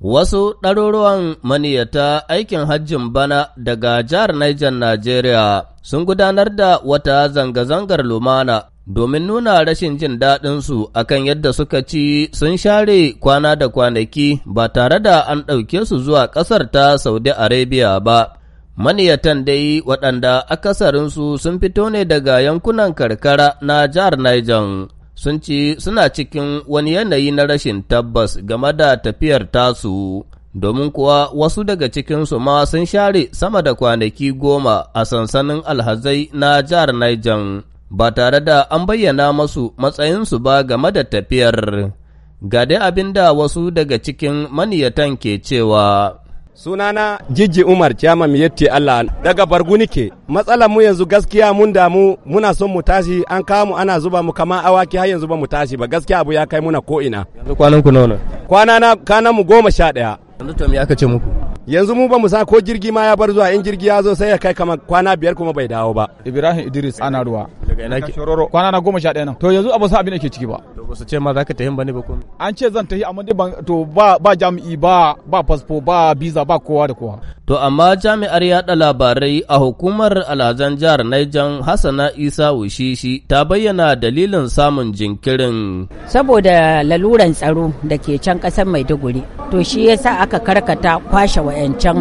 Wasu ɗaruruwan maniyata aikin hajjin bana daga jihar Niger Najeriya sun gudanar da wata zanga-zangar lumana domin nuna rashin jin daɗinsu akan yadda suka ci sun share kwana da kwanaki ba tare da an ɗauke su zuwa ƙasar ta Saudi Arabia ba. Maniyatan dai waɗanda akasarinsu sun fito ne daga yankunan karkara na jihar Niger. sun ci suna cikin wani yanayi na rashin tabbas game da tafiyar tasu, domin kuwa wasu daga cikinsu ma sun share sama da kwanaki goma a sansanin alhazai na jihar Niger ba tare da an bayyana masu matsayinsu ba game da tafiyar. Ga dai abin da wasu daga cikin maniyatan ke cewa. Sunana Jijji Umar Chairman Yetti Allah daga Barguni ke. Matsalar mu yanzu gaskiya mun damu muna son mu tashi an kawo mu ana zuba mu kama awaki har yanzu ba mu tashi ba gaskiya abu ya kai muna ko ina. Yanzu kwanan ku nawa? Kwana na kana mu goma sha ɗaya. Yanzu to me aka ce muku? yanzu mu ba mu sa ko jirgi ma ya bar zuwa in jirgi ya zo sai ya kai kama kwana biyar kuma bai dawo ba. Ibrahim Idris ana ruwa. daga ina ke kwana na goma sha ɗaya nan to yanzu abu sa abin ake ciki ba to ba su ce ma za ka tafi ba ne ba komai an ce zan tafi amma dai to ba ba jami'i ba ba fasfo ba biza ba kowa da kowa to amma jami'ar yaɗa labarai a hukumar alhazan jihar naijan Hassana Isa Wushishi ta bayyana dalilin samun jinkirin saboda laluran tsaro da ke can ƙasar Maiduguri to shi yasa aka karkata kwashe wayancan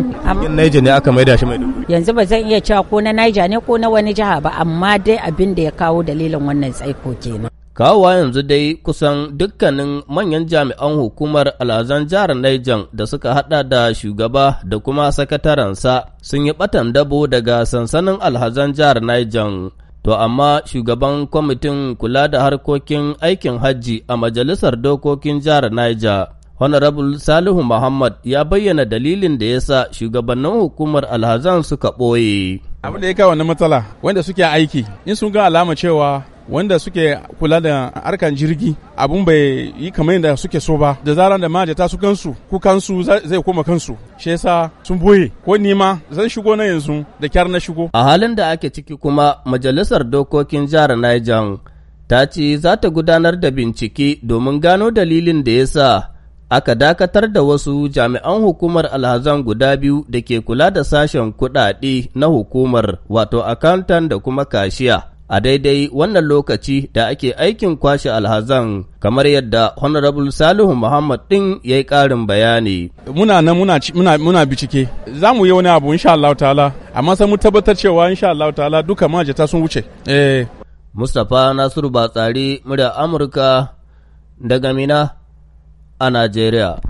Niger ne aka maida shi Maiduguri yanzu ba zan iya cewa ko na naija ne ko na wani jiha ba amma dai abin da ya ya kawo dalilin wannan tsaiko kenan. Kawawa yanzu dai kusan dukkanin manyan jami'an hukumar alhazan jihar Niger da suka hada da shugaba da kuma sakataransa sun yi batan dabo daga sansanin alhazan jihar Niger. To amma shugaban kwamitin kula da harkokin aikin hajji a majalisar dokokin jihar Niger, Honorable Salihu Muhammad ya bayyana dalilin da ya sa shugabannin hukumar alhazan suka ɓoye. abin da ya kawo wannan matsala wanda suke aiki in sun ga alama cewa wanda suke kula da harkan jirgi abun bai yi kamar yadda suke so ba da zaran da majata su kansu ku kansu zai koma kansu shi yasa sun boye ko nima zan shigo na yanzu da kyar na shigo a halin da ake ciki kuma majalisar dokokin jihar Niger ta ce za ta gudanar da bincike domin gano dalilin da yasa aka dakatar da wasu jami'an hukumar alhazan guda biyu da ke kula da sashen kuɗaɗe na hukumar wato accountant da kuma kashiya a daidai wannan lokaci da ake aikin kwashe alhazan kamar yadda honorable salihu muhammad ɗin ya yi ƙarin bayani muna nan muna, muna, muna bicike za mu yi wani abu insha Allah ta'ala amma sai mu tabbatar cewa insha Allah ta'ala duka majata sun wuce eh mustapha nasiru batsari murya amurka daga mina a Najeriya.